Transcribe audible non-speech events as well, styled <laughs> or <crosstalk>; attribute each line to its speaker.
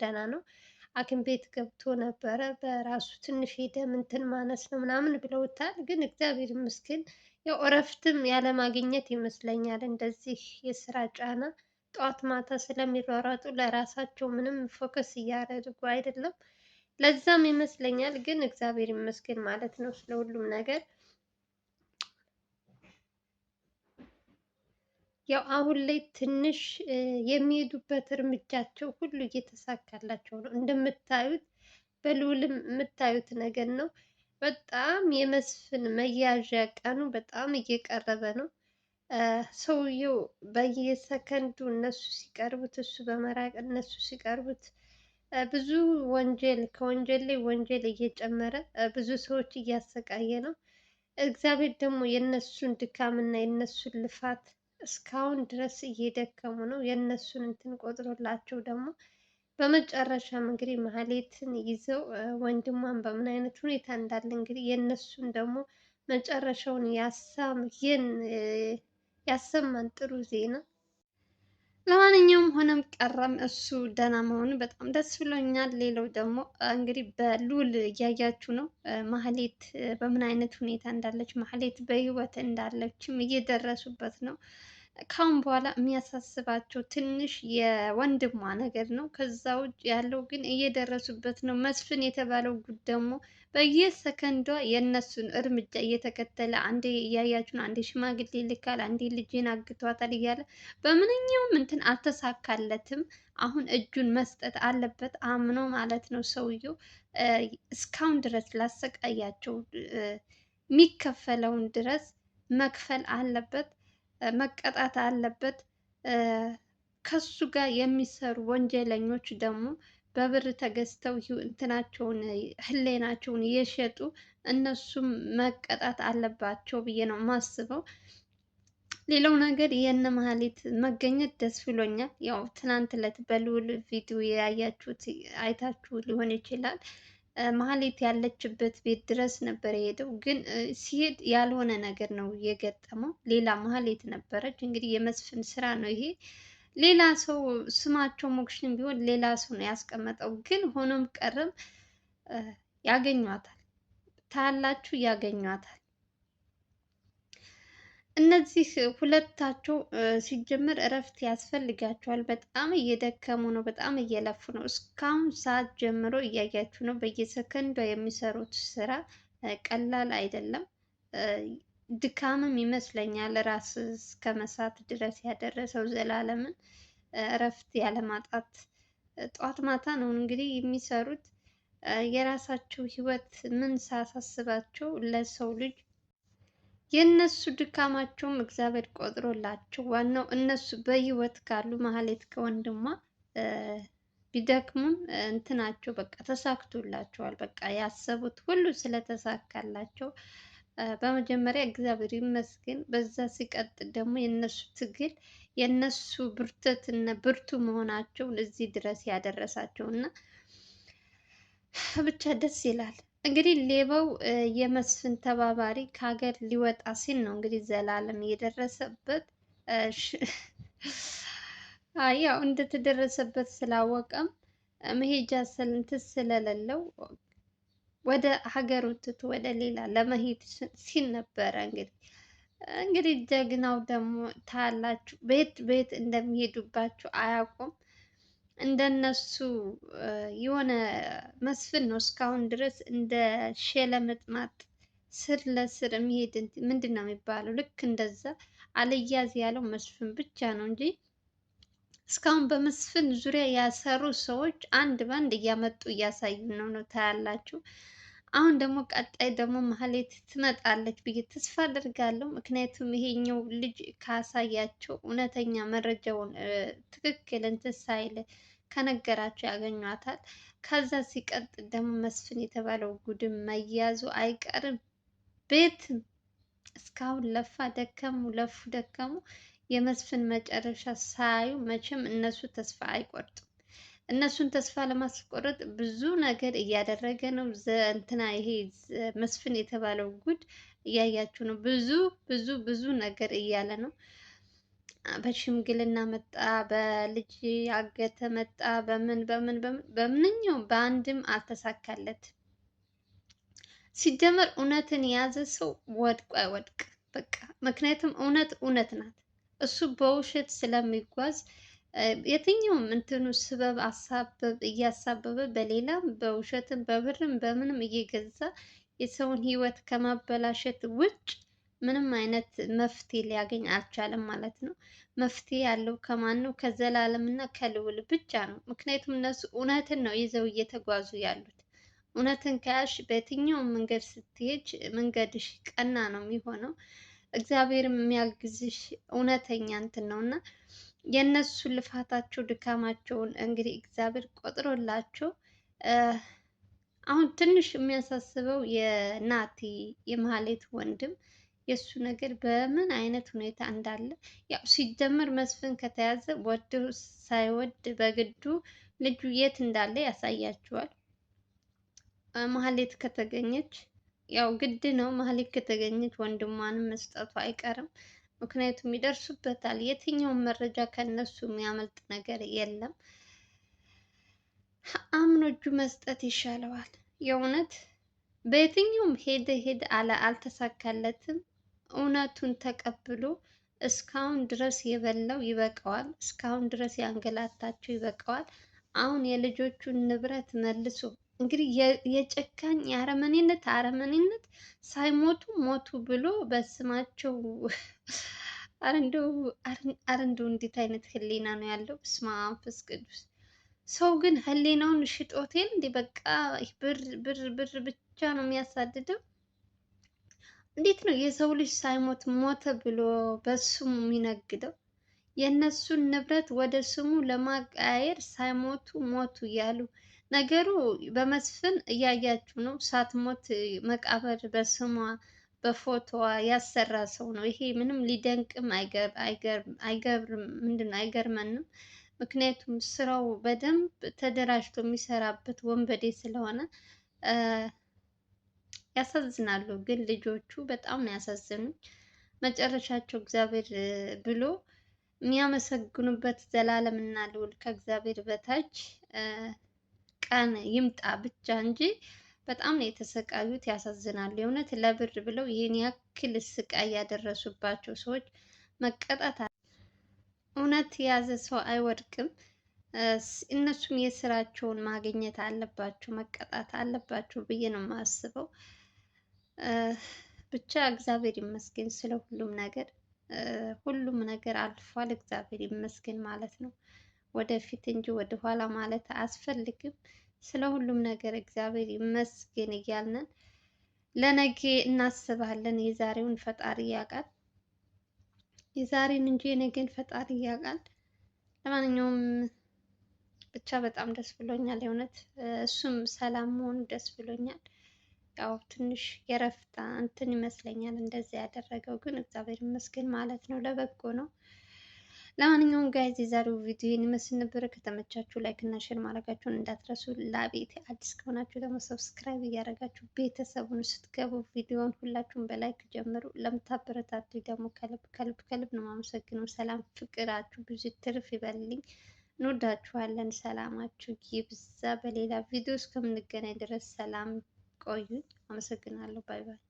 Speaker 1: ደህና ነው። ሐኪም ቤት ገብቶ ነበረ። በራሱ ትንሽ ሄደ ምንትን ማነስ ነው ምናምን ብለውታል። ግን እግዚአብሔር ይመስገን ያው እረፍትም ያለማግኘት ይመስለኛል እንደዚህ የስራ ጫና ጠዋት ማታ ስለሚሯሯጡ ለራሳቸው ምንም ፎከስ እያደረጉ አይደለም። ለዛም ይመስለኛል ግን እግዚአብሔር ይመስገን ማለት ነው ስለሁሉም ነገር። ያው አሁን ላይ ትንሽ የሚሄዱበት እርምጃቸው ሁሉ እየተሳካላቸው ነው። እንደምታዩት በልዑልም የምታዩት ነገር ነው። በጣም የመስፍን መያዣ ቀኑ በጣም እየቀረበ ነው። ሰውየው በየሰከንዱ እነሱ ሲቀርቡት እሱ በመራቅ እነሱ ሲቀርቡት ብዙ ወንጀል ከወንጀል ላይ ወንጀል እየጨመረ ብዙ ሰዎች እያሰቃየ ነው። እግዚአብሔር ደግሞ የእነሱን ድካምና የእነሱን ልፋት እስካሁን ድረስ እየደከሙ ነው። የእነሱን እንትን ቆጥሮላቸው ደግሞ በመጨረሻም እንግዲህ ማህሌትን ይዘው ወንድሟን በምን አይነት ሁኔታ እንዳለ እንግዲህ የእነሱን ደግሞ መጨረሻውን ያሳም ይህን ያሰማን ጥሩ ዜና ለማንኛውም ሆነም ቀረም እሱ ደህና መሆኑ በጣም ደስ ብሎኛል። ሌላው ደግሞ እንግዲህ በሉል እያያችሁ ነው ማህሌት በምን አይነት ሁኔታ እንዳለች፣ ማህሌት በህይወት እንዳለችም እየደረሱበት ነው። ካሁን በኋላ የሚያሳስባቸው ትንሽ የወንድሟ ነገር ነው። ከዛ ውጭ ያለው ግን እየደረሱበት ነው። መስፍን የተባለው ጉድ ደግሞ በየሰከንዷ የእነሱን እርምጃ እየተከተለ አንዴ እያያችሁን፣ አንዴ ሽማግሌ ይልካል፣ አንዴ ልጄን አግቷታል እያለ በምንኛውም እንትን አልተሳካለትም። አሁን እጁን መስጠት አለበት አምኖ ማለት ነው። ሰውየው እስካሁን ድረስ ላሰቃያቸው የሚከፈለውን ድረስ መክፈል አለበት። መቀጣት አለበት። ከሱ ጋር የሚሰሩ ወንጀለኞች ደግሞ በብር ተገዝተው እንትናቸውን ህሌናቸውን እየሸጡ እነሱም መቀጣት አለባቸው ብዬ ነው የማስበው። ሌላው ነገር የእነ መሀሌት መገኘት ደስ ብሎኛል። ያው ትናንት ዕለት በልዑል ቪዲዮ ያያችሁት አይታችሁ ሊሆን ይችላል። ማህሌት ያለችበት ቤት ድረስ ነበር የሄደው። ግን ሲሄድ ያልሆነ ነገር ነው የገጠመው። ሌላ ማህሌት ነበረች። እንግዲህ የመስፍን ስራ ነው ይሄ። ሌላ ሰው ስማቸው ሞክሽን ቢሆን ሌላ ሰው ነው ያስቀመጠው። ግን ሆኖም ቀረም ያገኟታል፣ ታያላችሁ፣ ያገኟታል። እነዚህ ሁለታቸው ሲጀምር እረፍት ያስፈልጋቸዋል። በጣም እየደከሙ ነው። በጣም እየለፉ ነው። እስካሁን ሰዓት ጀምሮ እያያችሁ ነው። በየሰከንዱ የሚሰሩት ስራ ቀላል አይደለም። ድካምም ይመስለኛል ራስ እስከ መሳት ድረስ ያደረሰው ዘላለምን እረፍት ያለማጣት ጧት ማታ ነው እንግዲህ የሚሰሩት የራሳቸው ህይወት ምን ሳያሳስባቸው ለሰው ልጅ የእነሱ ድካማቸውም እግዚአብሔር ቆጥሮላቸው፣ ዋናው እነሱ በህይወት ካሉ ማህሌት ከወንድሟ ቢደክሙም እንትናቸው በቃ ተሳክቶላቸዋል። በቃ ያሰቡት ሁሉ ስለተሳካላቸው በመጀመሪያ እግዚአብሔር ይመስገን። በዛ ሲቀጥል ደግሞ የእነሱ ትግል የእነሱ ብርተት እና ብርቱ መሆናቸውን እዚህ ድረስ ያደረሳቸው እና ብቻ ደስ ይላል። እንግዲህ ሌባው የመስፍን ተባባሪ ከሀገር ሊወጣ ሲል ነው እንግዲህ ዘላለም የደረሰበት። ያው እንደተደረሰበት ስላወቀም መሄጃ እንትን ስለሌለው ወደ ሀገሩ ትቶ ወደ ሌላ ለመሄድ ሲል ነበረ። እንግዲህ እንግዲህ ጀግናው ደግሞ ታያላችሁ፣ በየት ቤት እንደሚሄዱባችሁ አያውቁም። እንደነሱ የሆነ መስፍን ነው እስካሁን ድረስ እንደ ሸለ መጥማጥ ስር ለስር የሚሄድ ምንድን ነው የሚባለው? ልክ እንደዛ አልያዝ ያለው መስፍን ብቻ ነው እንጂ እስካሁን በመስፍን ዙሪያ ያሰሩ ሰዎች አንድ በአንድ እያመጡ እያሳዩን ነው ነው ታያላችሁ። አሁን ደግሞ ቀጣይ ደግሞ ማህሌት ትመጣለች ብዬ ተስፋ አድርጋለሁ ምክንያቱም ይሄኛው ልጅ ካሳያቸው እውነተኛ መረጃውን ትክክል እንትን ሳይል ከነገራቸው ያገኟታል። ከዛ ሲቀጥ ደግሞ መስፍን የተባለው ጉድም መያዙ አይቀርም። ቤት እስካሁን ለፋ ደከሙ፣ ለፉ ደከሙ። የመስፍን መጨረሻ ሳያዩ መቼም እነሱ ተስፋ አይቆርጡም። እነሱን ተስፋ ለማስቆረጥ ብዙ ነገር እያደረገ ነው። እንትና ይሄ መስፍን የተባለው ጉድ እያያችሁ ነው። ብዙ ብዙ ብዙ ነገር እያለ ነው። በሽምግልና መጣ፣ በልጅ አገተ መጣ፣ በምን በምን በምንኛው በአንድም አልተሳካለት። ሲጀመር እውነትን የያዘ ሰው ወድቆ አይወድቅ በቃ። ምክንያቱም እውነት እውነት ናት። እሱ በውሸት ስለሚጓዝ የትኛውም እንትኑ ስበብ አሳበብ እያሳበበ በሌላም በውሸትም በብርም በምንም እየገዛ የሰውን ህይወት ከማበላሸት ውጭ ምንም አይነት መፍትሄ ሊያገኝ አልቻለም ማለት ነው። መፍትሄ ያለው ከማን ነው? ከዘላለም እና ከልውል ብቻ ነው። ምክንያቱም እነሱ እውነትን ነው ይዘው እየተጓዙ ያሉት። እውነትን ከያሽ በየትኛውም መንገድ ስትሄጅ መንገድሽ ቀና ነው የሚሆነው። እግዚአብሔርም የሚያግዝሽ እውነተኛ እንትን ነው እና የእነሱ ልፋታቸው ድካማቸውን እንግዲህ እግዚአብሔር ቆጥሮላቸው አሁን ትንሽ የሚያሳስበው የናቲ የማህሌት ወንድም የእሱ ነገር በምን አይነት ሁኔታ እንዳለ ያው ሲጀመር መስፍን ከተያዘ ወድ ሳይወድ በግዱ ልጁ የት እንዳለ ያሳያቸዋል። ማህሌት ከተገኘች ያው ግድ ነው። ማህሌት ከተገኘች ወንድሟንም መስጠቱ አይቀርም። ምክንያቱም ይደርሱበታል። የትኛውም መረጃ ከነሱ የሚያመልጥ ነገር የለም። አምኖ እጁ መስጠት ይሻለዋል። የእውነት በየትኛውም ሄደ ሄደ አልተሳካለትም። እውነቱን ተቀብሎ እስካሁን ድረስ የበላው ይበቃዋል። እስካሁን ድረስ ያንገላታቸው ይበቃዋል። አሁን የልጆቹን ንብረት መልሶ እንግዲህ የጨካኝ የአረመኔነት አረመኔነት ሳይሞቱ ሞቱ ብሎ በስማቸው <laughs> አረንደው እንዴት አይነት ህሊና ነው ያለው? በስመ አብ መንፈስ ቅዱስ። ሰው ግን ህሊናውን ሽጦቴል እንዴ! በቃ ብር ብር ብር ብቻ ነው የሚያሳድደው። እንዴት ነው የሰው ልጅ ሳይሞት ሞተ ብሎ በስሙ የሚነግደው? የእነሱን ንብረት ወደ ስሙ ለማቀያየር ሳይሞቱ ሞቱ እያሉ ነገሩ በመስፍን እያያችሁ ነው። ሳትሞት መቃብር በስሟ በፎቶዋ ያሰራ ሰው ነው። ይሄ ምንም ሊደንቅም አይገብርም፣ ምንድን ነው አይገርመንም። ምክንያቱም ስራው በደንብ ተደራጅቶ የሚሰራበት ወንበዴ ስለሆነ ያሳዝናሉ። ግን ልጆቹ በጣም ነው ያሳዝኑኝ። መጨረሻቸው እግዚአብሔር ብሎ የሚያመሰግኑበት ዘላለም እና ልዑል ከእግዚአብሔር በታች ቀን ይምጣ ብቻ እንጂ በጣም ነው የተሰቃዩት። ያሳዝናሉ። የእውነት ለብር ብለው ይህን ያክል ስቃይ ያደረሱባቸው ሰዎች መቀጣት እውነት የያዘ ሰው አይወድቅም። እነሱም የስራቸውን ማግኘት አለባቸው፣ መቀጣት አለባቸው ብዬ ነው የማስበው። ብቻ እግዚአብሔር ይመስገን ስለ ሁሉም ነገር፣ ሁሉም ነገር አልፏል። እግዚአብሔር ይመስገን ማለት ነው። ወደፊት እንጂ ወደኋላ ማለት አያስፈልግም። ስለ ሁሉም ነገር እግዚአብሔር ይመስገን እያልነን ለነገ እናስባለን። የዛሬውን ፈጣሪ ያውቃል። የዛሬን እንጂ የነገን ፈጣሪ ያውቃል። ለማንኛውም ብቻ በጣም ደስ ብሎኛል። የእውነት እሱም ሰላም መሆኑ ደስ ብሎኛል። ያው ትንሽ የረፍታ እንትን ይመስለኛል እንደዚህ ያደረገው ግን እግዚአብሔር ይመስገን ማለት ነው። ለበጎ ነው። ለማንኛውም ጋይዝ የዛሬው ቪዲዮ ይመስል ነበር። ከተመቻችሁ ላይክ እና ሼር ማድረጋችሁን እንዳትረሱ። ለቤቴ አዲስ ከሆናችሁ ደግሞ ሰብስክራይብ እያደረጋችሁ ቤተሰቡን ስትገቡ ቪዲዮውን ሁላችሁም በላይክ ጀምሩ። ለምታበረታቱ ደግሞ ከልብ ከልብ ከልብ ነው የማመሰግነው። ሰላም ፍቅራችሁ ብዙ ትርፍ ይበልልኝ። እንወዳችኋለን። ሰላማችሁ ይብዛ። በሌላ ቪዲዮ እስከምንገናኝ ድረስ ሰላም ቆዩ። አመሰግናለሁ። ባይ ባይ።